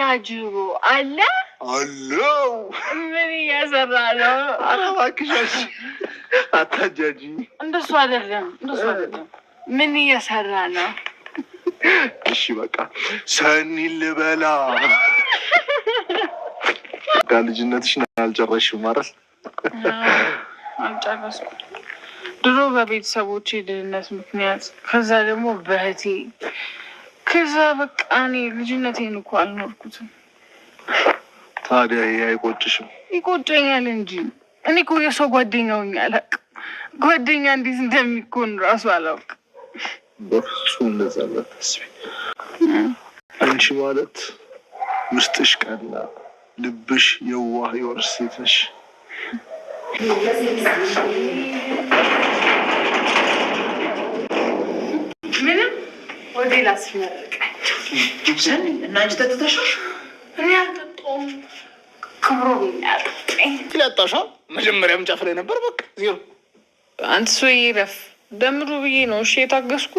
ያጅሩ አለ አለው። ምን እያሰራ ነው? አባክሻሽ አታጃጂ። እንደሱ አይደለም፣ እንደሱ አይደለም። ምን እየሰራ ነው? እሺ በቃ ሰኒ ልበላ። ልጅነትሽን አልጨረስሽም ማረስ አልጨረስኩም። ድሮ በቤተሰቦች ድህነት ምክንያት ከዛ ደግሞ በህቴ ከዛ በቃ እኔ ልጅነቴን እኮ አልኖርኩትም። ታዲያ ይሄ አይቆጭሽም? ይቆጨኛል እንጂ እኔ እኮ የሰው ጓደኛ ሆኜ አላውቅም። ጓደኛ እንዴት እንደሚኮን ራሱ አላውቅም። በፍጹም እንደዛ አታስቢ። አንቺ ማለት ውስጥሽ ቀና፣ ልብሽ የዋህ የወር ሴት ነሽ። ምንም ወደ ላስመርቃቸው እና አንቺ ጠጥተሻል? እኔ አልጠጣሁም። ክብሮ ያጠጣኝ ላጣሻ መጀመሪያም ጫፍ ላይ ነበር። በቃ ዜሮ አንተ ሰውዬ ረፍ ደምሩ ብዬ ነው እሺ የታገስኩ።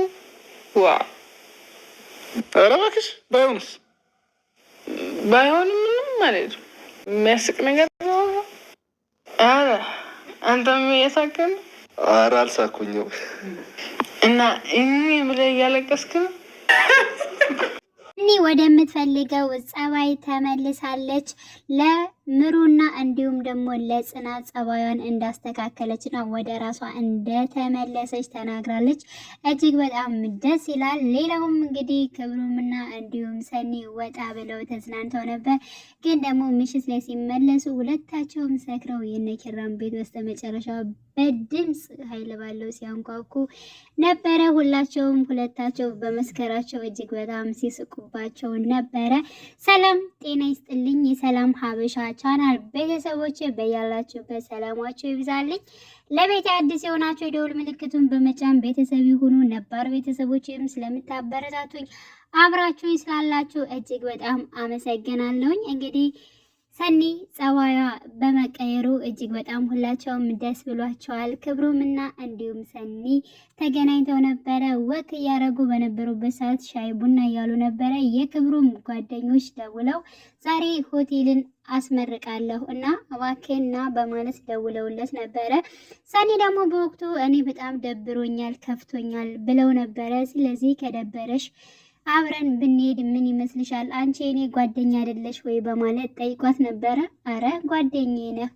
ዋ ኧረ እባክሽ ባይሆንስ ባይሆንም ምንም ማለት የሚያስቅ ነገር ኧረ አንተም እየሳቅን ኧረ አልሳኩኝም እና እኔ ብለህ እያለቀስክ ነው። ወደምትፈልገው ጸባይ ተመልሳለች። ለምሩና እንዲሁም ደግሞ ለጽናት ጸባዩን እንዳስተካከለች እና ወደ ራሷ እንደተመለሰች ተናግራለች። እጅግ በጣም ደስ ይላል። ሌላውም እንግዲህ ክብሩምና እንዲሁም ሰኒ ወጣ ብለው ተዝናንተው ነበር። ግን ደግሞ ምሽት ላይ ሲመለሱ ሁለታቸውም ሰክረው የነኪራም ቤት በስተመጨረሻ በድምፅ ኃይል ባለው ሲያንኳኩ ነበረ። ሁላቸውም ሁለታቸው በመስከራቸው እጅግ በጣም ሲስቁባቸው ነበረ። ሰላም ጤና ይስጥልኝ። የሰላም ሀበሻ ቻናል ቤተሰቦች በያላችሁበት ሰላማቸው ይብዛልኝ። ለቤት አዲስ የሆናቸው የደውል ምልክቱን በመጫን ቤተሰብ የሆኑ ነባር ቤተሰቦችም ስለምታበረታቱኝ አብራችሁኝ ስላላችሁ እጅግ በጣም አመሰግናለሁኝ እንግዲህ ሰኒ ጸባያ በመቀየሩ እጅግ በጣም ሁላቸውም ደስ ብሏቸዋል። ክብሩምና እንዲሁም ሰኒ ተገናኝተው ነበረ። ወክ እያደረጉ በነበሩበት ሰዓት ሻይ ቡና እያሉ ነበረ። የክብሩም ጓደኞች ደውለው ዛሬ ሆቴልን አስመርቃለሁ እና እባክህና በማለት ደውለውለት ነበረ። ሰኒ ደግሞ በወቅቱ እኔ በጣም ደብሮኛል ከፍቶኛል ብለው ነበረ። ስለዚህ ከደበረሽ አብረን ብንሄድ ምን ይመስልሻል? አንቺ የኔ ጓደኛ አይደለሽ ወይ በማለት ጠይቋት ነበረ። አረ ጓደኛዬ ነህ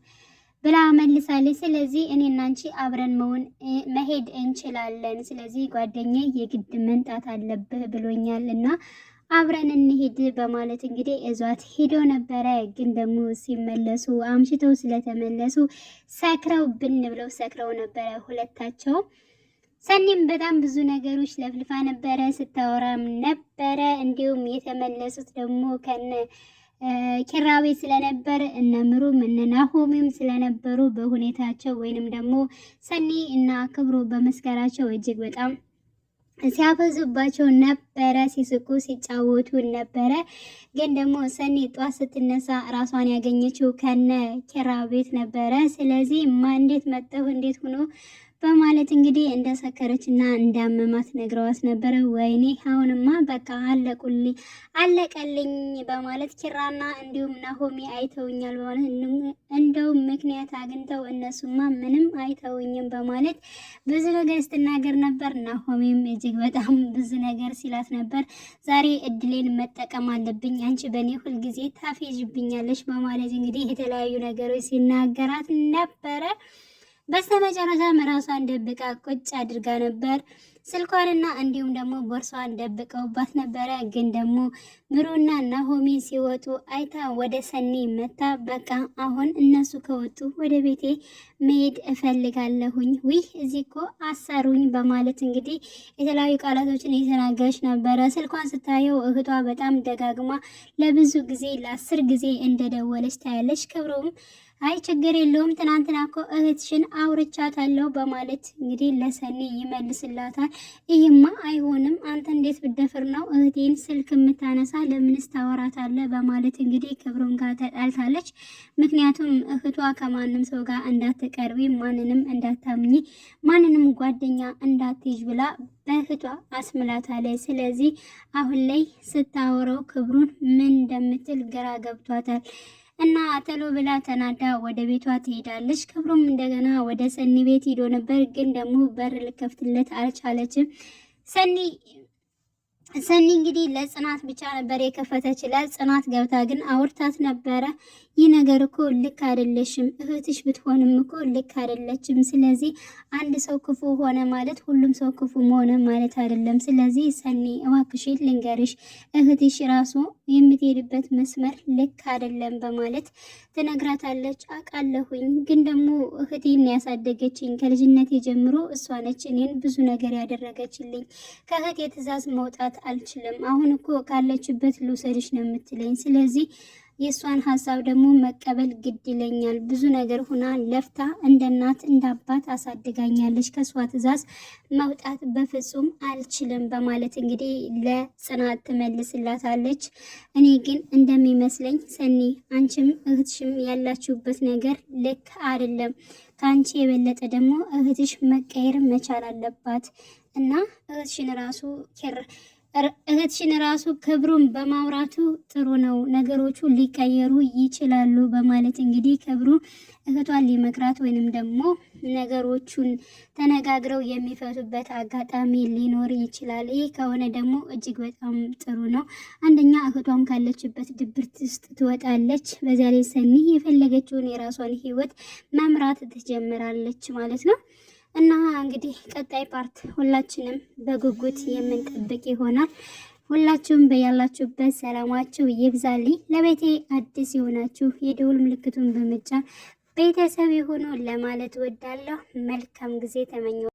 ብላ መልሳለች። ስለዚህ እኔና አንቺ አብረን መሆን መሄድ እንችላለን። ስለዚህ ጓደኛ የግድ መምጣት አለብህ ብሎኛል እና አብረን እንሄድ በማለት እንግዲህ እዟት ሄዶ ነበረ። ግን ደግሞ ሲመለሱ አምሽተው ስለተመለሱ ሰክረው ብን ብለው ሰክረው ነበረ ሁለታቸውም። ሰኒም በጣም ብዙ ነገሮች ለፍልፋ ነበረ ስታወራም ነበረ። እንዲሁም የተመለሱት ደግሞ ከነ ኪራቤ ስለነበር እነ ምሩም እነ ስለነበሩ በሁኔታቸው ወይንም ደግሞ ሰኒ እና ክብሩ በመስከራቸው እጅግ በጣም ሲያፈዙባቸው ነበር። ነበረ፣ ሲስቁ ሲጫወቱ ነበረ። ግን ደግሞ ሰኒ ጧት ስትነሳ ራሷን ያገኘችው ከነ ኪራ ቤት ነበረ። ስለዚህ ማ እንዴት መጠሁ እንዴት ሆኖ በማለት እንግዲህ እንደሰከረች እና እንዳመማት ነግረዋት ነበረ። ወይኔ አሁንማ በቃ አለቁልኝ አለቀልኝ በማለት ኪራና እንዲሁም ናሆሚ አይተውኛል በማለት እንደው ምክንያት አግኝተው እነሱማ ምንም አይተውኝም በማለት ብዙ ነገር ስትናገር ነበር። ናሆሚም እጅግ በጣም ብዙ ነገር ሲላት እያወራት ነበር። ዛሬ እድሌን መጠቀም አለብኝ፣ አንቺ በእኔ ሁልጊዜ ታፌዥብኛለች በማለት እንግዲህ የተለያዩ ነገሮች ሲናገራት ነበረ። በስተመጨረሻም ራሷን ደብቃ ቁጭ አድርጋ ነበር። ስልኳንና እንዲሁም ደግሞ ቦርሳዋን ደብቀውባት ነበረ። ግን ደግሞ ምሩና ናሆሚ ሲወጡ አይታ ወደ ሰኒ መታ። በቃ አሁን እነሱ ከወጡ ወደ ቤቴ መሄድ እፈልጋለሁኝ። ውይ እዚህ እኮ አሰሩኝ በማለት እንግዲህ የተለያዩ ቃላቶችን እየተናገረች ነበረ። ስልኳን ስታየው እህቷ በጣም ደጋግማ ለብዙ ጊዜ ለአስር ጊዜ እንደደወለች ታያለች። ክብሮም አይ ችግር የለውም ትናንትና እኮ እህትሽን አውርቻታለሁ በማለት እንግዲህ ለሰኒ ይመልስላታል። ይህማ አይሆንም፣ አንተ እንዴት ብደፍር ነው እህቴን ስልክ የምታነሳ? ለምንስ ታወራታለህ? በማለት እንግዲህ ክብሩም ጋር ተጣልታለች። ምክንያቱም እህቷ ከማንም ሰው ጋር እንዳትቀርቢ፣ ማንንም እንዳታምኚ፣ ማንንም ጓደኛ እንዳትይዥ ብላ በእህቷ አስምላታለች። ስለዚህ አሁን ላይ ስታወራው ክብሩን ምን እንደምትል ግራ ገብቷታል። እና ተሎ ብላ ተናዳ ወደ ቤቷ ትሄዳለች። ክብሩም እንደገና ወደ ሰኒ ቤት ሂዶ ነበር፣ ግን ደግሞ በር ልከፍትለት አልቻለችም ሰኒ ሰኒ እንግዲህ ለጽናት ብቻ ነበር የከፈተችላት። ጽናት ገብታ ግን አውርታት ነበረ። ይህ ነገር እኮ ልክ አይደለሽም፣ እህትሽ ብትሆንም እኮ ልክ አይደለችም። ስለዚህ አንድ ሰው ክፉ ሆነ ማለት ሁሉም ሰው ክፉ መሆነ ማለት አይደለም። ስለዚህ ሰኒ እባክሽን ልንገርሽ፣ እህትሽ ራሱ የምትሄድበት መስመር ልክ አይደለም በማለት ትነግራታለች። አውቃለሁኝ፣ ግን ደግሞ እህቴን ያሳደገችኝ ከልጅነቴ ጀምሮ እሷ ነች እኔን ብዙ ነገር ያደረገችልኝ። ከእህቴ ትእዛዝ መውጣት አልችልም። አሁን እኮ ካለችበት ልውሰድሽ ነው የምትለኝ። ስለዚህ የእሷን ሀሳብ ደግሞ መቀበል ግድ ይለኛል። ብዙ ነገር ሁና ለፍታ እንደ እናት እንደ አባት አሳድጋኛለች። ከእሷ ትዕዛዝ መውጣት በፍጹም አልችልም በማለት እንግዲህ ለጽናት ትመልስላታለች። እኔ ግን እንደሚመስለኝ ሰኒ፣ አንቺም እህትሽም ያላችሁበት ነገር ልክ አይደለም። ከአንቺ የበለጠ ደግሞ እህትሽ መቀየር መቻል አለባት እና እህትሽን ራሱ እህትሽን ራሱ ክብሩን በማውራቱ ጥሩ ነው፣ ነገሮቹ ሊቀየሩ ይችላሉ በማለት እንግዲህ ክብሩ እህቷን ሊመክራት ወይንም ደግሞ ነገሮቹን ተነጋግረው የሚፈቱበት አጋጣሚ ሊኖር ይችላል። ይህ ከሆነ ደግሞ እጅግ በጣም ጥሩ ነው። አንደኛ እህቷም ካለችበት ድብርት ውስጥ ትወጣለች። በዚያ ላይ ሰኒ የፈለገችውን የራሷን ህይወት መምራት ትጀምራለች ማለት ነው። እና እንግዲህ ቀጣይ ፓርት ሁላችንም በጉጉት የምንጠብቅ ይሆናል። ሁላችሁም በያላችሁበት ሰላማችሁ ይብዛልኝ። ለቤቴ አዲስ የሆናችሁ የደውል ምልክቱን በመጫን ቤተሰብ የሆኑ ለማለት ወዳለሁ። መልካም ጊዜ ተመኘ